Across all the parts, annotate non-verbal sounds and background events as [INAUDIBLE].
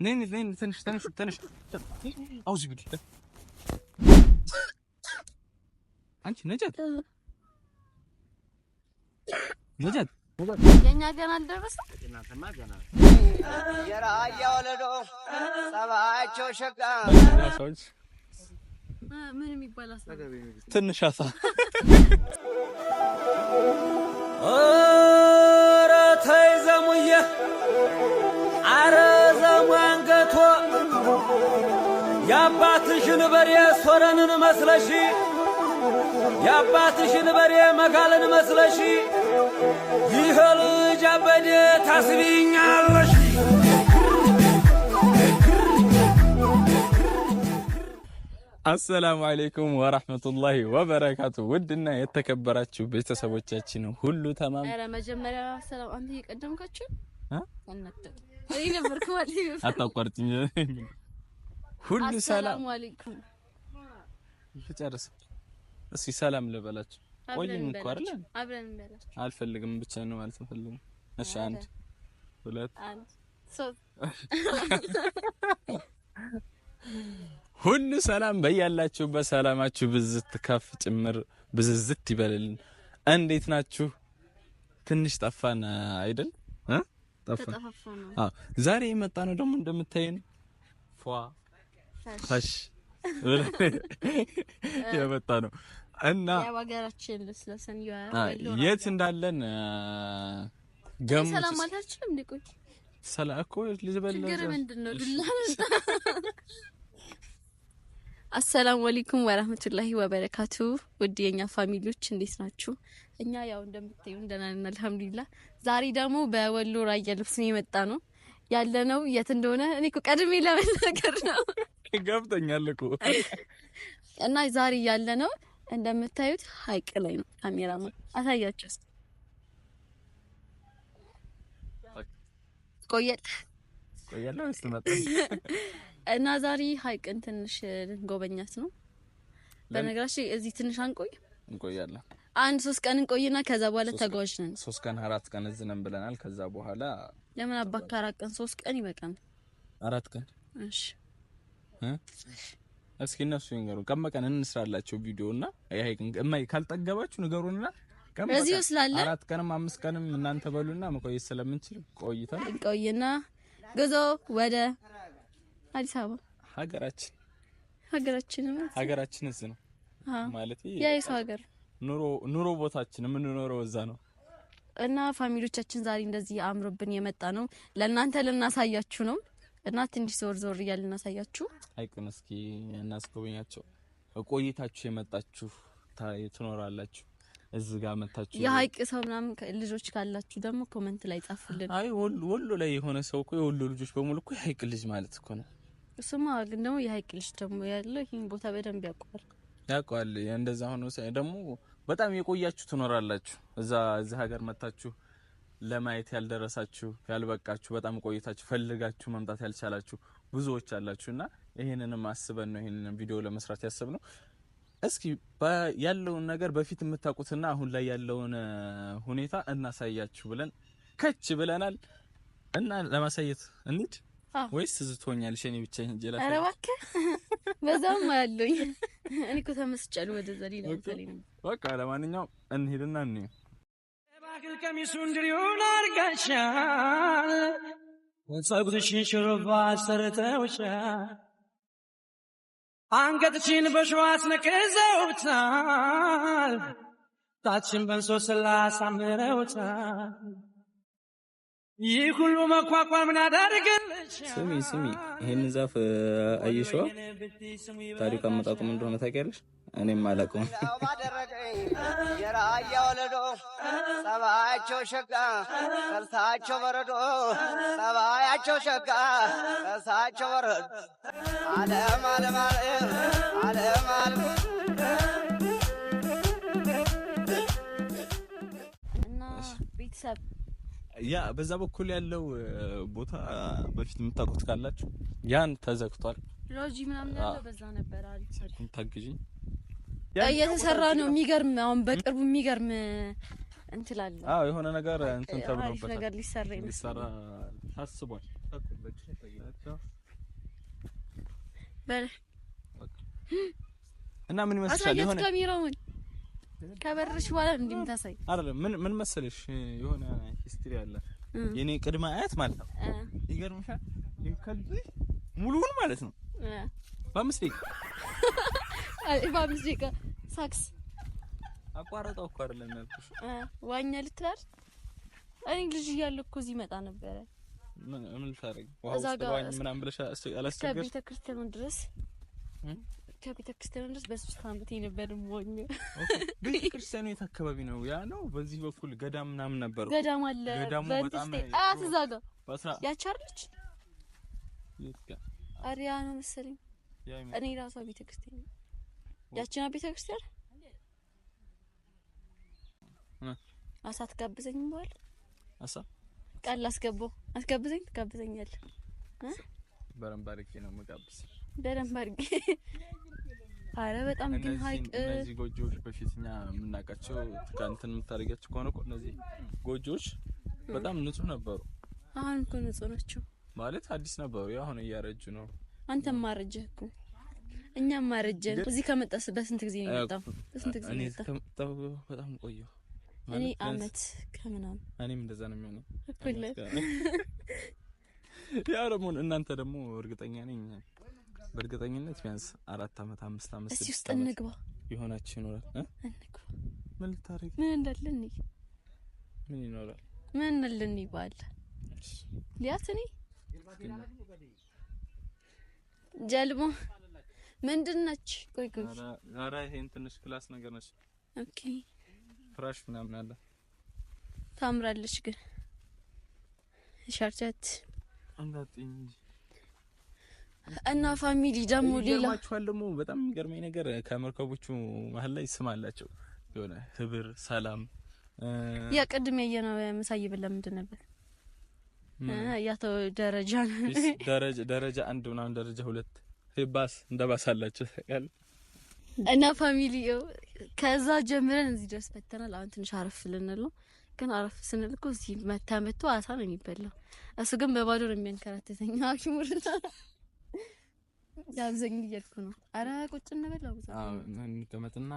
Neyin neyin tanış tanış tanış. Auzu birlikte. Anca Necat. Necat. የእኛ ገና አልደረሰም። የራያ ወለዶ ጸባቸው ሸጋ ሰዎች ምን የሚባል ትንሽ አሳ ኧረ ተይ ዘሙዬ አረ አንገቶ የአባትሽን በሬ ሶረንን መስለሺ የአባትሽን በሬ መጋለን መስለሺ ይህ ልጅ አበዴ ታስቢኛለሽ። አሰላሙ አሌይኩም ወራህመቱላሂ ወበረካቱ። ውድና የተከበራችሁ ቤተሰቦቻችን ሁሉ ተማም መጀመሪያ ሰላም አንተ አታቋርጭኝ። ሁሉ ሰላም አለይኩም ልጨርስ። እስኪ ሰላም ልበላችሁ። ቆይም እኮ አይደል? አብረን እንበላችሁ። አልፈልግም ብቻ ነው እሺ አንድ ሁለት ሁሉ ሰላም ብዝት ከፍ ጭምር ብዝዝት ይበልልን። እንዴት ናችሁ? ትንሽ ጠፋን አይደል? ጠፋን። አዎ ዛሬ የመጣ ነው ደግሞ እንደምታየን ፏ ፈሽ [LAUGHS] የመጣ ነው እና የት እንዳለን ሰላ እኮ ችግር ዱላ [LAUGHS] አሰላሙ አለይኩም ወራህመቱላሂ ወበረካቱ። ውድ የኛ ፋሚሊዎች እንዴት ናችሁ? እኛ ያው እንደምታዩ ደህና ነን፣ አልሐምዱሊላህ። ዛሬ ደግሞ በወሎ ራያ ልብስ ነው የመጣ ነው ያለነው። የት እንደሆነ እኔ እኮ ቀድሜ ለመናገር ነው ገብተኛል እኮ እና ዛሬ ያለነው እንደምታዩት ሀይቅ ላይ ነው። ካሜራ ነው አሳያቸው ቆየል ቆየለው እና ዛሬ ሀይቅን ትንሽ ልንጎበኛት ነው። በነገራችን እዚህ ትንሽ አንቆይ እንቆያለን አንድ ሶስት ቀን እንቆይና ከዛ በኋላ ተጓዥ ነን። ሶስት ቀን አራት ቀን እዚህ ነን ብለናል። ከዛ በኋላ ለምን አባካ አራት ቀን ሶስት ቀን ይበቃል። አራት ቀን እሺ እ እስኪ እነሱ ይንገሩ። ቀን በቀን እንስራላቸው ቪዲዮ እና እማይ ካልጠገባችሁ ንገሩንና እዚሁ ስላለ አራት ቀንም አምስት ቀንም እናንተ በሉና መቆየት ስለምንችል ቆይታ ቆይና ጉዞ ወደ አዲስ አበባ ሀገራችን ሀገራችን ሀገራችን እዚህ ነው ማለት ያ የሰው ሀገር ኑሮ ኑሮ ቦታችን የምንኖረው እዛ ነው እና ፋሚሊዎቻችን ዛሬ እንደዚህ አምሮብን የመጣ ነው ለእናንተ ልናሳያችሁ ነው እና ትንሽ ዞር ዞር እያል ልናሳያችሁ ሀይቅን እስኪ እናስጎበኛቸው። ቆይታችሁ የመጣችሁ ትኖራላችሁ እዚህ ጋር መታችሁ የሀይቅ ሰው ምናምን ልጆች ካላችሁ ደግሞ ኮመንት ላይ ጻፉልን። አይ ወሎ ላይ የሆነ ሰው እኮ የወሎ ልጆች በሙሉ እኮ የሀይቅ ልጅ ማለት እኮ ነው። ስማ ግን ደግሞ የሀይቅ ልጅ ደግሞ ያለው ይህን ቦታ በደንብ ያውቀዋል። ያውቀዋል። እንደዛ ሆኖ ደግሞ በጣም የቆያችሁ ትኖራላችሁ። እዛ እዚህ ሀገር መታችሁ ለማየት ያልደረሳችሁ ያልበቃችሁ፣ በጣም ቆይታችሁ ፈልጋችሁ መምጣት ያልቻላችሁ ብዙዎች አላችሁ እና ይህንንም አስበን ነው ይህንን ቪዲዮ ለመስራት ያስብ ነው። እስኪ ያለውን ነገር በፊት የምታውቁትና አሁን ላይ ያለውን ሁኔታ እናሳያችሁ ብለን ከች ብለናል እና ለማሳየት እንሂድ። ወይስ ትዝቶኛል? እኔ ብቻ እንጂ ኧረ እባክህ [LAUGHS] በዛውም አያለኝ። [LAUGHS] እኔ እኮ ተመስጫለሁ። ወደ ዘሌ ነው በቃ። ለማንኛውም እንሂድና እኔ ባክል ቀሚሱን ድሪውን አድርጋሻል፣ ፀጉርሽን ሽሩባ ሰርተውሻል፣ አንገትሽን በሸዋት ነቅዘውታል፣ ጣትሽን በእንሶስላ ሳምረውታል ይህ ሁሉ መኳኳል ምን አዳርግልሽ? ስሚ ስሚ፣ ይህን ዛፍ አይሸዋ ታሪክ አመጣጡም እንደሆነ ታውቂያለሽ? እኔም አላውቀውም። የራያ ወለዶ ጸባያቸው ሸጋ ከልሳቸው በረዶ ጸባያቸው ሸጋ ከልሳቸው በረዶ አለም አለም አለም አለም እና ቤተሰብ ያ በዛ በኩል ያለው ቦታ በፊት የምታውቁት ካላችሁ ያን ተዘግቷል። ሎጂ ምናምን ያለው በዛ ነበር። አሪፍ ታግዥኝ እየተሰራ ነው። የሚገርም አሁን በቅርቡ የሚገርም እንትላለን። አዎ የሆነ ነገር እንትን ተብሎበታል። ነገር ሊሰራ ሊሰራ ታስቧል። በለ እና ምን ይመስላል የሆነ ከበርሽ በኋላ እንደምታሳይ አይደለም። ምን ምን መሰለሽ የሆነ ሂስትሪ አለ የኔ ቅድመ አያት ማለት ነው። ይገርምሻል። ይከልብሽ ሙሉውን ማለት ነው። በአምስት ደቂቃ በአምስት ደቂቃ ሳክስ አቋረጠው እኮ አይደለም ያልኩሽ። ዋኛ ልትላል። እኔ ልጅ እያለሁ እኮ እዚህ ይመጣ ነበረ። ምን ምን ልታረጊ? ዋው ምናምን ብለሽ አላስቸገርሽ ከቤተ ድረስ ከቤተ ክርስቲያን ድረስ በሶስት አመት የነበር ሞኝ ቤተ ክርስቲያኑ የት አካባቢ ነው? ያ ነው በዚህ በኩል ገዳም ምናምን ነበረው። ገዳም አለ። ገዳሙ በጣም አያት እዛ ጋር ያቺ አይደለች አሪያ ነው መሰለኝ። እኔ ራሷ ቤተ ክርስቲያን ያቺና ቤተ ክርስቲያን አሳ ትጋብዘኝ በኋላ አሳ ቃል አስገባው አስጋብዘኝ ትጋብዘኛለህ። በረንባርጌ ነው የምጋብዝ። በረንባርጌ አረ በጣም ግን ሀይቅ እነዚህ ጎጆዎች በፊት እኛ የምናውቃቸው ከእንትን የምታደርጊያቸው ከሆነ እኮ እነዚህ ጎጆዎች በጣም ንጹህ ነበሩ። አሁን እኮ ንጹህ ናቸው ማለት አዲስ ነበሩ። ያው አሁን እያረጁ ነው። አንተም ማረጀህ እኮ እኛም ማረጀን። እዚህ ከመጣስ በስንት ጊዜ ነው የመጣው? በስንት ጊዜ ነው የመጣው? በጣም ቆየሁ። እኔ አመት ከምናምን። እኔም እንደዛ ነው የሚሆነው እኮ [LAUGHS] ያው ደግሞ እናንተ ደግሞ እርግጠኛ ነኝ በእርግጠኝነት ቢያንስ አራት አመት አምስት አመት እዚህ ውስጥ እንግባ የሆናችሁ ይኖራል። እንግባ ምን ልታረጊ ምን እንዳለ እንይ። ምን ይኖራል ምን እንዳለ ይባል ባል ሊያት እኔ ጀልቦ ምንድን ነች? ቆይ ቆይ፣ ኧረ ይሄን ትንሽ ክላስ ነገር ነች። ኦኬ ፍራሽ ምናምን አለ። ታምራለች ግን ሻርጃት እንዳትኝ እንጂ እና ፋሚሊ ደግሞ ሌላ በጣም የሚገርመኝ ነገር ከመርከቦቹ መሀል ላይ ስም አላቸው። የሆነ ህብር፣ ሰላም ያ ቅድም ያየ ያየነው መሳይብን ለምንድን ነበር? ያቶ ደረጃ ደረጃ ደረጃ አንድ ምናምን ደረጃ ሁለት ባስ እንደ ባስ አላቸው ታውቃለህ። እና ፋሚሊ ው ከዛ ጀምረን እዚህ ድረስ መተናል። አሁን ትንሽ አረፍ ልንለው ግን አረፍ ስንል እኮ እዚህ መታ መቶ አሳ ነው የሚበላው። እሱ ግን በባዶ ነው የሚያንከራተተኝ ሐኪሙርና ያብዘኝ እያልኩ ነው። አረ ቁጭ እንበል። አዎ እንቀመጥና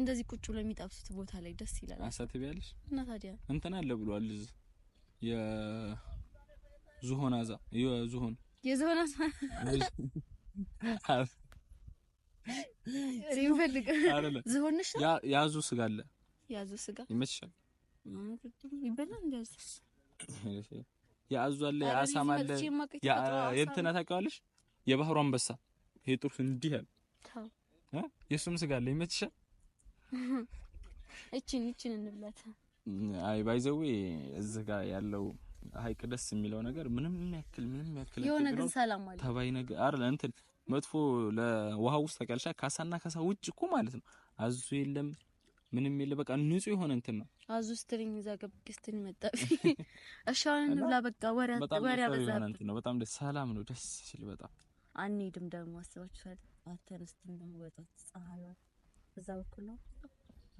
እንደዚህ ቁጭ ብሎ የሚጠብሱት ቦታ ላይ ደስ ይላል። አሳትብ ያለሽ እና ታዲያ እንትን አለ ብሏል። እዚህ የዝሆን አዛ የዝሆን የዝሆን አዛ ሪም ፈልግ ዝሆንሽ ያዙ ስጋ አለ ያዙ ስጋ ይመችሻል። ይበላል እንደዚህ ያዙ አለ ያሳማለ የእንትና ታውቂዋለሽ የባህሩ አንበሳ ይሄ ጥርሱ እንዲህ ያለ እ የሱም ስጋ አለ ይመችሻል። እቺን እቺን እንብላት። አይ ባይዘዌ እዚህ ጋር ያለው ሀይቅ ደስ የሚለው ነገር ምንም የሚያክል ምንም የሚያክል የሆነ ግን ሰላም አለ ተባይ ነገር አይደል እንትን መጥፎ ለውሃ ውስጥ ተቀልሻ ካሳና ካሳ ውጭ እኮ ማለት ነው። አዙ የለም ምንም የለ በቃ ንጹህ የሆነ እንትን ነው። አዙ ስትሪኝ እዛ ገብክ ስትሪኝ መጣፊ [LAUGHS] እሻውን ብላ በቃ ወሪያ ወሬ አበዛብኝ ነው። በጣም ደስ ሰላም ነው። ደስ ሲል በጣም አንሄድም ደግሞ አስባችኋል። አተንስትም ደግሞ በጣም ፀሐይ እዛ በኩል ነው።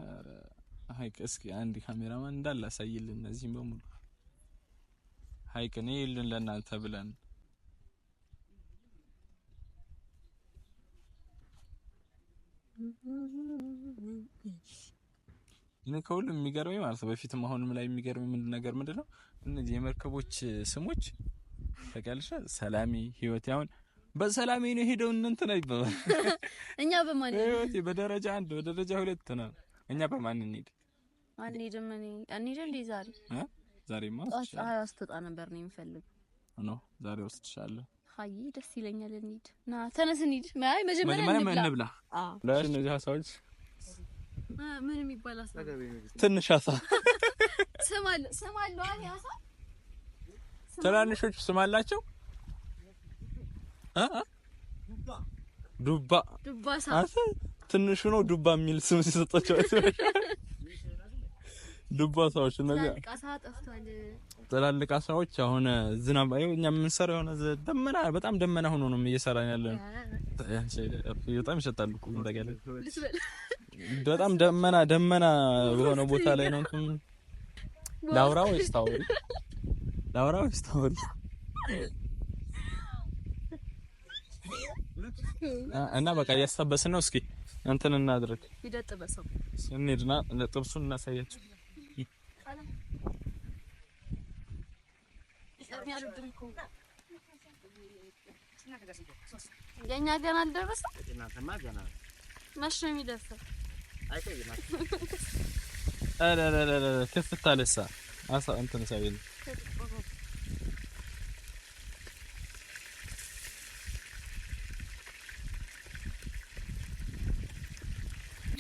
ኧረ ሀይቅ እስኪ አንድ ካሜራማን እንዳለ እንዳላሳይልን እነዚህም በሙሉ ሀይቅ ነው ይልን ለእናንተ ብለን እኔ ከሁሉም የሚገርመኝ ማለት ነው በፊትም አሁንም ላይ የሚገርመኝ ምንድን ነገር ምንድን ነው እነዚህ የመርከቦች ስሞች ተቀልሻ ሰላሜ ህይወቴ አሁን በሰላም ነው ሄደው እንንት ነው ይባባል። [LAUGHS] እኛ በማን ነው በደረጃ አንድ በደረጃ ሁለት ነው። እኛ በማን እንሂድ? አንሄድም። እኔ አንሄድ እንዴ? ዛሬ ዛሬ ማስ አይ አስተጣ ነበር ነው የሚፈልግ ነው። ዛሬ ወስድሻለሁ። አይ ደስ ይለኛል። እንሂድ ና፣ ተነስ እንሂድ። አይ መጀመሪያ እንብላ። ለሽ እነዚህ ሀሳቦች ምን የሚባል ሀሳብ ትንሽ ሀሳብ [LAUGHS] ስማለሁ። አይ አሳ ትናንሾች ስማላቸው ዱባ ዱባ ትንሹ ነው ዱባ የሚል ስም ሲሰጣቸው ዱባ ሳዎች ነገር ትላልቅ አሳዎች አሁን ዝናብ አይ እኛ የምንሰራው የሆነ ደመና በጣም ደመና ሆኖ ነው እየሰራን ያለ ነው። በጣም ይሸጣሉ እኮ እንደገለ በጣም ደመና ደመና በሆነ ቦታ ላይ ነው እንትን ላውራው ወይስ ላውራው ላውራ እና በቃ እያስጠበስን ነው። እስኪ እንትን እናድርግ እንሂድና ጥብሱን እናሳያቸው። የኛ ገና አልደረሰም። መቼ ነው የሚደርሰው? ክፍት አለሳ አሳ እንትን ሳይል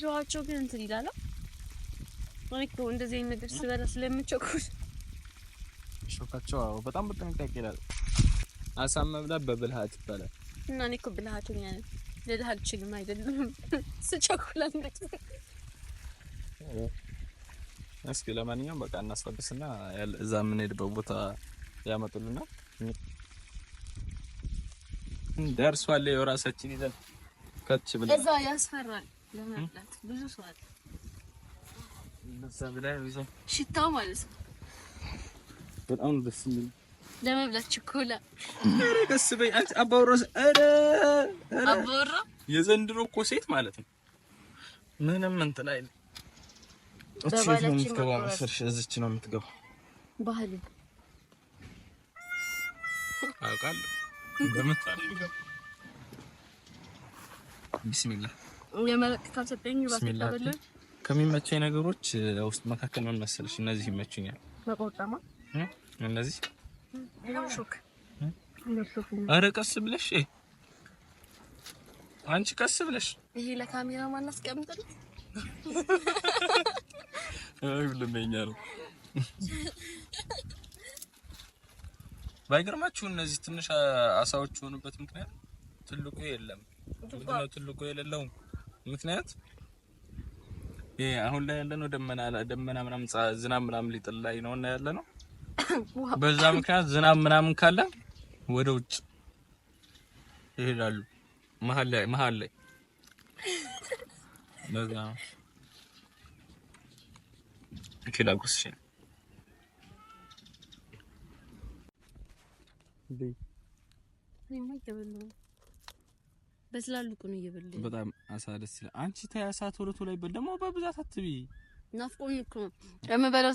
ሲዘዋቸው ግን እንትን ይላል። ማለት ነው እንደዚህ አይነት ነገር ስበላ ስለምቸኩል ሾካቸው። አዎ በጣም በጥንቃቄ ይላል። አሳ መብላት በብልሃት ይባላል። እና እኔ እኮ ብልሃተኛ ነኝ ልልህ አልችልም። አይደለም ስቸኩል እስኪ ለማንኛውም በቃ እናስፈቅስና እዛ የምንሄድበት ቦታ ያመጡልናል። ደርሷል። የራሳችን ይዘን ከች ብለን እዛ ያስፈራል። ለመብላት ብዙ ሰው ሽታው ማለት ነው። በጣም ደስ የሚል ለመብላት ችኮላ። ኧረ ደስ በይ አባወራ። ኧረ አባወራ የዘንድሮ እኮ ሴት ማለት ነው ምንም እንትን አይልም። ሴት ነው የምትገባ መሰለሽ? እዚች ነው የምትገባ። ባህል አውቃለሁ። ቢስሚላህ ከሚመቸኝ ነገሮች ውስጥ መካከል ምን መሰለሽ፣ እነዚህ ይመችኛል። እነዚህ ኧረ ቀስ ብለሽ አንቺ ቀስ ብለሽ ይሄ ለካሜራ ማን አስቀምጥልኝ? ልመኛ ነው። ባይገርማችሁ እነዚህ ትንሽ አሳዎች የሆኑበት ምክንያት ትልቁ የለም። ትልቁ የሌለውም ምክንያት ይሄ አሁን ላይ ያለነው ደመና ደመና ምናምን ዝናብ ምናምን ሊጥል ላይ ነው እና ያለ ነው። በዛ ምክንያት ዝናብ ምናምን ካለ ወደ ውጭ ይሄዳሉ። መሀል ላይ መሀል ላይ ለዛ ነው በስላልቁ ነው እየበላኝ። በጣም አሳ ደስ ይላል። አንቺ ተይ አሳ ቶሎ ቶሎ አይበል ደግሞ በብዛት አትቢ። ናፍቆኝ እኮ የምበላው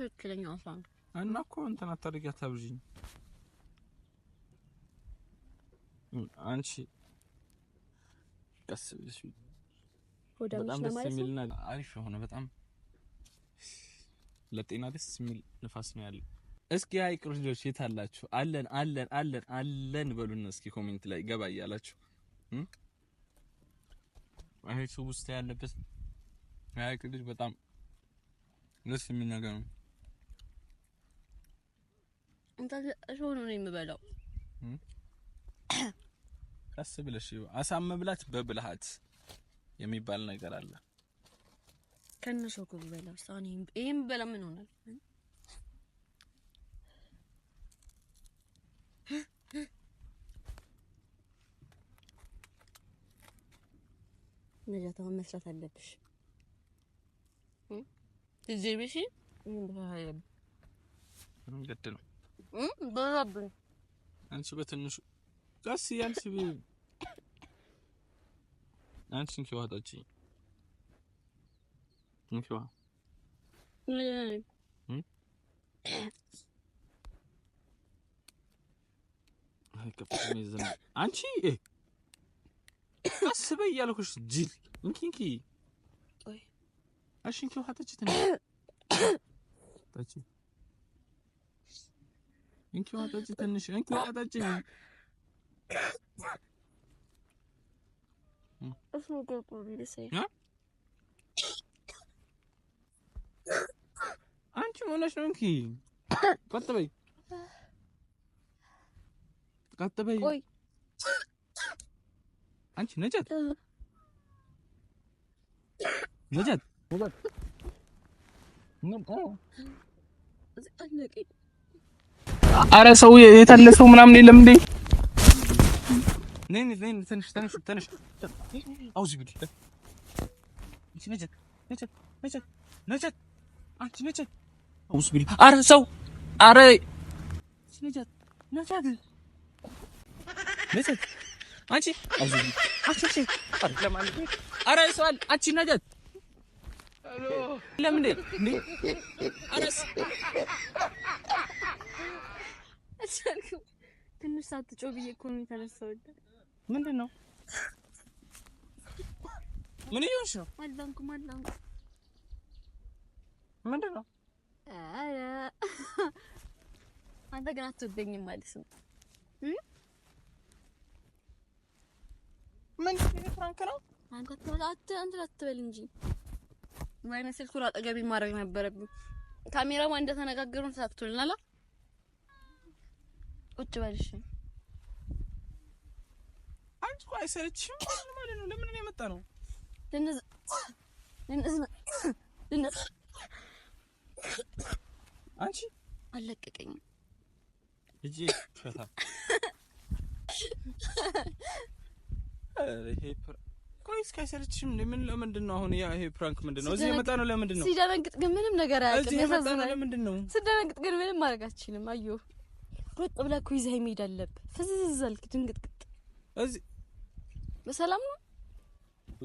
ትክክለኛ አሳ ነው እና እኮ እንትን አታድርጊ፣ አታብዥኝ። አንቺ ቀስ ብለሽ በጣም ደስ የሚልና አሪፍ የሆነ በጣም ለጤና ደስ የሚል ንፋስ ነው ያለው። እስኪ ሀይቅ ልጆች የት አላችሁ? አለን አለን አለን አለን በሉን እስኪ ኮሜንት ላይ ገባ እያላችሁ ሀይቅ ውስጥ ያለበት ሀይቅ ልጅ በጣም ደስ የሚል ነገር ነው። እሾ ነው የምበላው። ቀስ ብለሽ አሳ መብላት በብልሃት የሚባል ነገር አለ። ከነሾ እኮ ብበላው ሳኒ ይሄን ብበላ ምን ሆናል? ነጃት አሁን መስራት አለብሽ። ትዝ ብሽ ግድ ነው በዛብን። አንቺ በትንሹ ቀስ እያልሽ አንቺ እንኪዋ ጠጪ እንኪዋ አንቺ አስበይ ያልኩሽ ጅል እንኪንኪ እሺ እንኪ ውሃ ጠጪ ትንሽ ጠጪ እንኪ ውሃ ጠጪ ትንሽ እንኪ ውሃ ጠጪ አንቺ ሆነሽ ነው እንኪ ቀጥ በይ ቀጥ በይ አንቺ ነጃት ሰው የታለ ሰው ምናምን የለም እንዴ? ነኝ ነኝ ትንሽ ትንሽ ትንሽ አውዚ ቢል አንቺ ነጃት አውዚ ቢል አረ ሰው አረ ነጃት ነጃት ነጃት አንቺ ትንሽ ሳትጮህ ብዬሽ እኮ ነው የተነሳሁት። ምንድን ነው? ምን እየሆንሽ ነው? አላንኩም አላንኩም። ምንድን ነው? አንተ ግን አትወደኝም ማለት ነው? ምን ፍራንክ ነው? አትበል እንጂ ወይ ነው ስልኩን አጠገቤ ማድረግ ነበረብኝ። ካሜራው እንደተነጋገሩን ተሳክቶልናል። ቁጭ በልሽ አንቺ ቆይ አይሰለችሽም ማለት ነው? ለምን ነው የመጣ ነው? አንቺ አለቀቀኝ ልጄ ፈታ [LAUGHS] ቆይ እስኪ አይሰለችሽም? ምን ለምንድን ነው አሁን ያ ይሄ ፕራንክ ምንድን ነው? እዚህ የመጣ ነው ለምንድን ነው? ሲደነግጥ ግን ምንም ነገር አያውቅም። ያሳዝናል። ለምንድን ነው ሲደነግጥ ግን ምንም ማድረግ አትችልም። አየሁ ሮጥ ብለህ እኮ ይዘህ መሄድ አለብህ። ፍዝዝ ድንግጥግጥ። እዚህ በሰላም ነው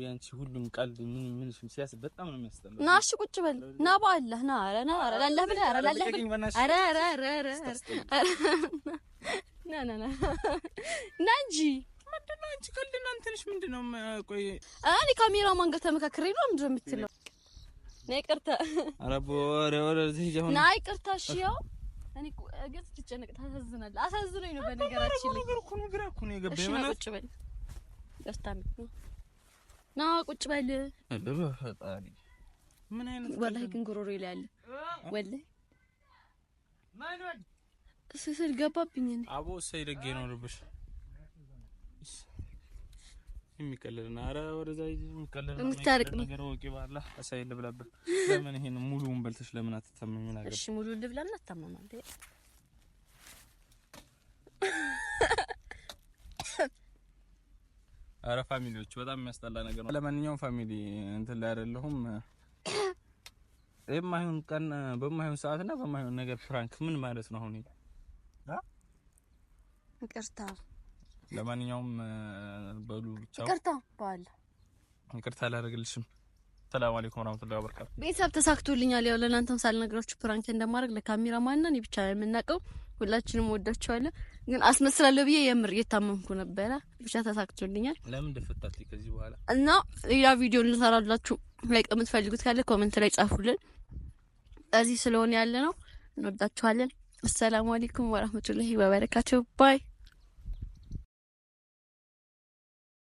ያንቺ ሁሉም ቃል ምን ምን ሲያስ በጣም ነው የሚያስጠላው። ና እሺ ቁጭ በል ና በአላህ ና ኧረ ና ኧረ ላላህ ብለህ ኧረ ላላህ ብለህ ኧረ ኧረ ኧረ ኧረ ና ና ና ና እንጂ ምንድነው? አንቺ ከልና እንትንሽ ምንድነው? ቆይ እኔ ካሜራ ማን ጋር ተመካክሬ ነው ምንድነው የምትለው? ነይ ቅርታ፣ ኧረ በወሬ ወደዚህ ይሁን። ነይ ቅርታ። እሺ፣ ያው እኔ ግልጽ ትጨነቅ ታሳዝናለህ። አሳዝኖኝ ነው በነገራችን ላይ ነገር እኮ ነው ግራ እኮ ነው የገባኝ። ማለት ቁጭ በል ቅርታ፣ ና ቁጭ በል። በፈጣሪ ምን አይነት ወላሂ፣ ግን ጉሮሮ ይላል አለ ወላሂ ማን ወድ ስስል ገባብኝ። አቦ ሰይ ሰይደግ ነው ልብሽ የሚቀልልና ኧረ ወደዛ የሚቀልልና የምታርቅ ነገር ወቂ ባላ አሳይ ልብላብህ። ለምን ይሄን ሙሉውን በልተሽ ለምን አትታመሚ? ነገር እሺ፣ ሙሉ ልብላና አታመማ እንዴ? ኧረ ፋሚሊዎቹ በጣም የሚያስጠላ ነገር ነው። ለማንኛውም ፋሚሊ እንትን ላይ አይደለሁም። የማይሆን ቀን በማይሆን ሰዓትና በማይሆን ነገር ፍራንክ ምን ማለት ነው አሁን? ይቅርታ ለማንኛውም በሉ ብቻ ይቅርታ ባል ይቅርታ አላደርግልሽም። ሰላም አለይኩም ወራህመቱላሂ ወበረካቱ። ቤተሰብ ተሳክቶልኛል። ያው ለእናንተም ሳልነግራችሁ ፕራንክ እንደማድረግ ለካሜራ ማንና ብቻ የምናውቀው ሁላችንም ወዳችኋለሁ። ግን አስመስላለሁ ብዬ የምር እየታመምኩ ነበረ። ብቻ ተሳክቶልኛል። ለምን እንደፈታት ከዚህ በኋላ እና ሌላ ቪዲዮ እንሰራላችሁ። ላይክ የምትፈልጉት ካለ ኮሜንት ላይ ጻፉልን። እዚህ ስለሆነ ያለ ነው። እንወዳችኋለን። አሰላሙ አለይኩም ወራህመቱላሂ ወበረካቱ ባይ